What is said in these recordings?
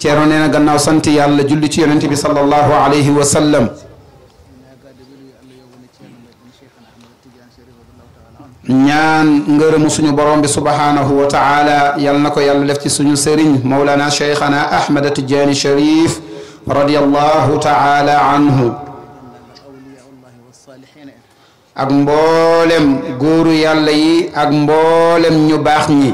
Ceerno nee na gannaaw sant yàlla julli ci yonent bi sallallahu alayhi wa sallam ñaan ngërëmu suñu borom bi subhaanahu wa taala yal yàlla def ci suñu sëriñ mawlana cheikhana ahmada tijaani anhu ak mboolem góoru yàlla yi ak mboolem ñu baax ñi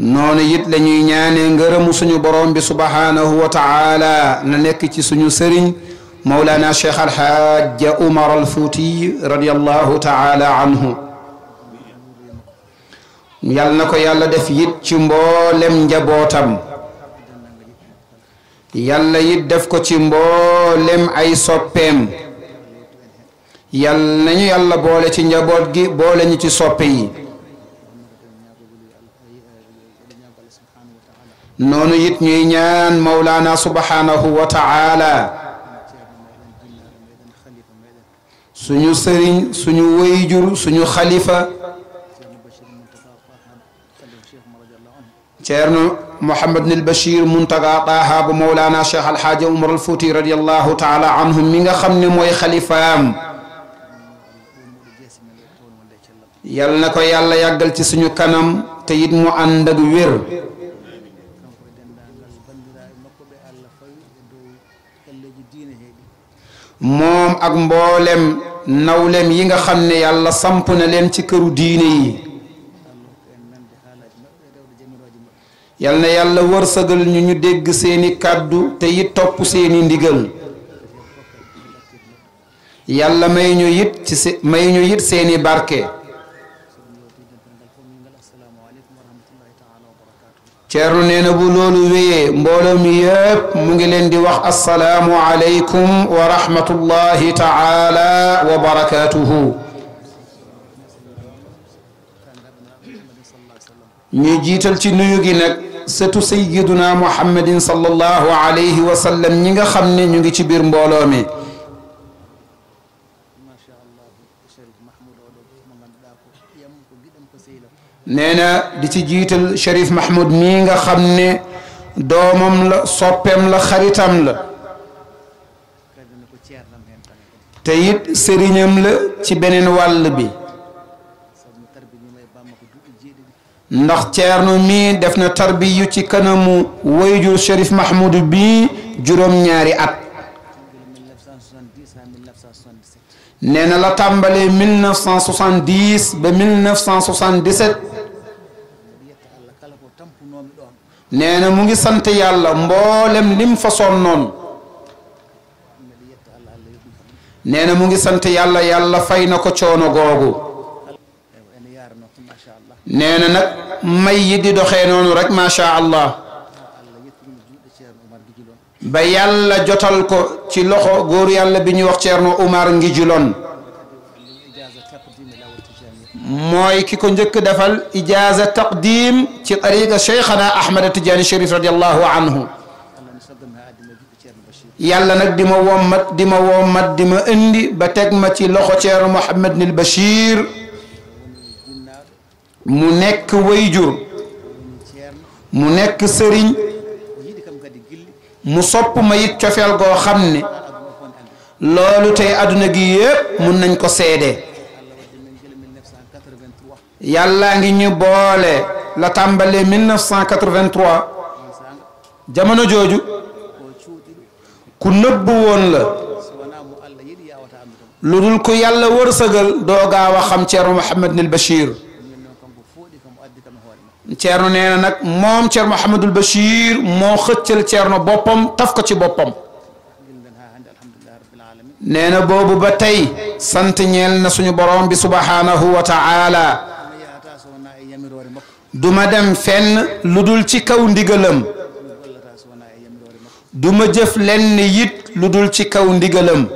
نون يت لا نيو نياني غيرم سونو بروم بي سبحانه وتعالى نا نيك سي سونو سيرين مولانا شيخ الحاج عمر الفوتي رضي الله تعالى عنه يالا نكو يالا ديف يت سي مبولم نجابوتام يالا يت ديف كو سي مبولم اي سوبيم يالا نيو يالا بولي سي نجابوت غي بولي ني سي سوبيي noonu ñu ñuy ñaan mawlaana subhanahu wa ta'ala suñu sëriñ suñu wayjur suñu xalifa ceerno Mouhamed El Bachir Muntaga Taaha bu mawlaana Cheikh Al Umar Al Fouti taala anhu mi nga xam ne mooy xalifaam yal ko yàlla yàggal ci suñu kanam te it mu ànd ak moom ak mboolem nawleem yi nga xam ne yàlla samp na leen ci këru diine yi yal na yàlla wërsëgal ñu ñu dégg seeni kàddu te it topp seeni ndigal yàlla may ñu it ci ñu it seeni barke ceerno nee na bu loolu wéyee mbooloo mi mu ngi leen di wax assalaamu aleykum wa rahmatullahi taala wa barakaatuhu ñu jiital ci nuyu gi nag sëtu sayyiduna muhammadin sallallahu alayhi wa sallam ñi nga xam ne ñu ngi ci biir mbooloo mi nee na di ci jiital Cherif Mahmoud mii nga xam ne doomam la soppeem la xaritam la te it sëriñam la ci beneen wàll bi ndax ceer ceerno mii def na tarbiyu ci kanamu wayjur Cherif Mahmoud bii juróom-ñaari at nee na la tàmbalee 1970 ba 1977 nee na mu ngi sant yàlla mboolem lim fa sonnoon nee na mu ngi sant yàlla yàlla fay na ko coono googu nee na nag may yi di doxee noonu rek macha allah ba yàlla jotal ko ci loxo góor yàlla bi ñuy wax Ceerno Umar ngi juloon موي كيكون جك دفل إجازة تقديم في طريق شيخنا أحمد التجاني الشريف رضي الله عنه يلا نك ديما ومات ديما ومات ديما اندي باتك ما تي لوخو تير محمد البشير مو نك ويجور مو نك سرين مو صوب ما يت تفال غو خامني لولو تي ادنا جي ييب مون نكو سيدي يالا غي ني بوله لا تامبالي 1983 جامانو جوجو كو نوب وون لا لودول كو يلا ورسغال دوغا وخم تيرو محمد البشير تيرنو نينا موم تير محمد البشير مو خيتل تيرنو بوبام تافكو سي نينا بوبو باتاي سانت نيل نا سونو بروم بي سبحانه وتعالى duma dem fenn ludul ci kaw du ma jëf lenn yit ludul ci kaw ndigalam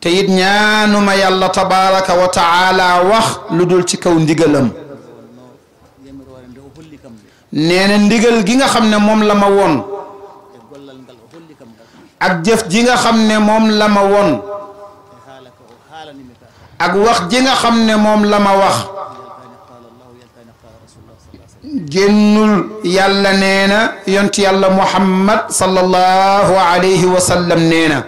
te it ñaanuma yàlla tabaraka wa taala wax ludul ci kaw ndigalam neena na ndigal gi nga xamne mom la ma won ak jëf ji nga xamne mom la ma won ak wax ji nga xamne mom la ma wax جنول يالا نينا ينتي يالا محمد صلى الله عليه وسلم نينا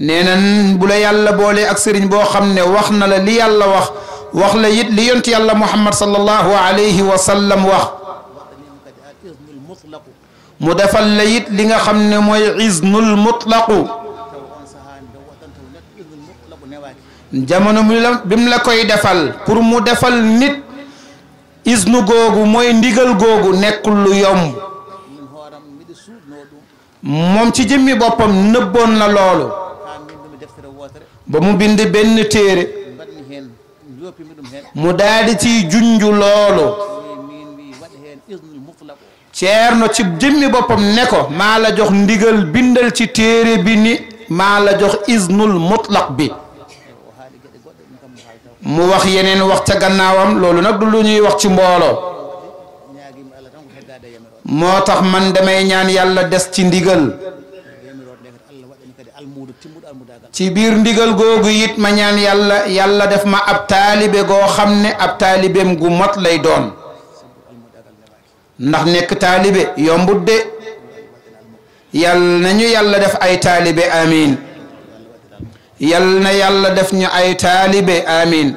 نينا بولا يالا بولي اكسرين بو خامني واخنا لا لي يالا واخ واخ لا يت لي ينتي يالا محمد صلى الله عليه وسلم واخ مدفل ليت ليغا خامني موي اذن المطلق jamono bi la bi mu la koy defal pour mu defal nit isnu googu mooy ndigal googu nekkul lu yomb moom ci jëmmi boppam nëbboon na loolu ba mu bind benn téere mu daadi ci junju loolu ceerno ci jëmmi boppam ne ko maa la jox ndigal bindal ci téere bi ni maa la jox isnul mutlaq bi mu wax yeneen wax ca gannaawam loolu nag du lu ñuy wax ci mbooloo moo tax man damay ñaan yàlla des ci ndigal ci biir ndigal googu it ma ñaan yàlla yàlla def ma ab taalibe goo xam ne ab taalibeem gu mat lay doon ndax nekk taalibe yombut de yàlla nañu yàlla def ay taalibe amiin يالنا يالا دف ني اي طالبي امين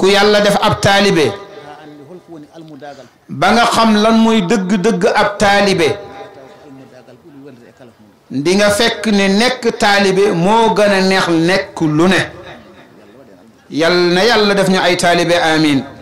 كو يالا دف اب طالبي باغا خم لان موي دغ دغ اب طالبي ديغا فك ني نيك مو غنا نيه نيك لو ني يالنا يالا اي طالبي امين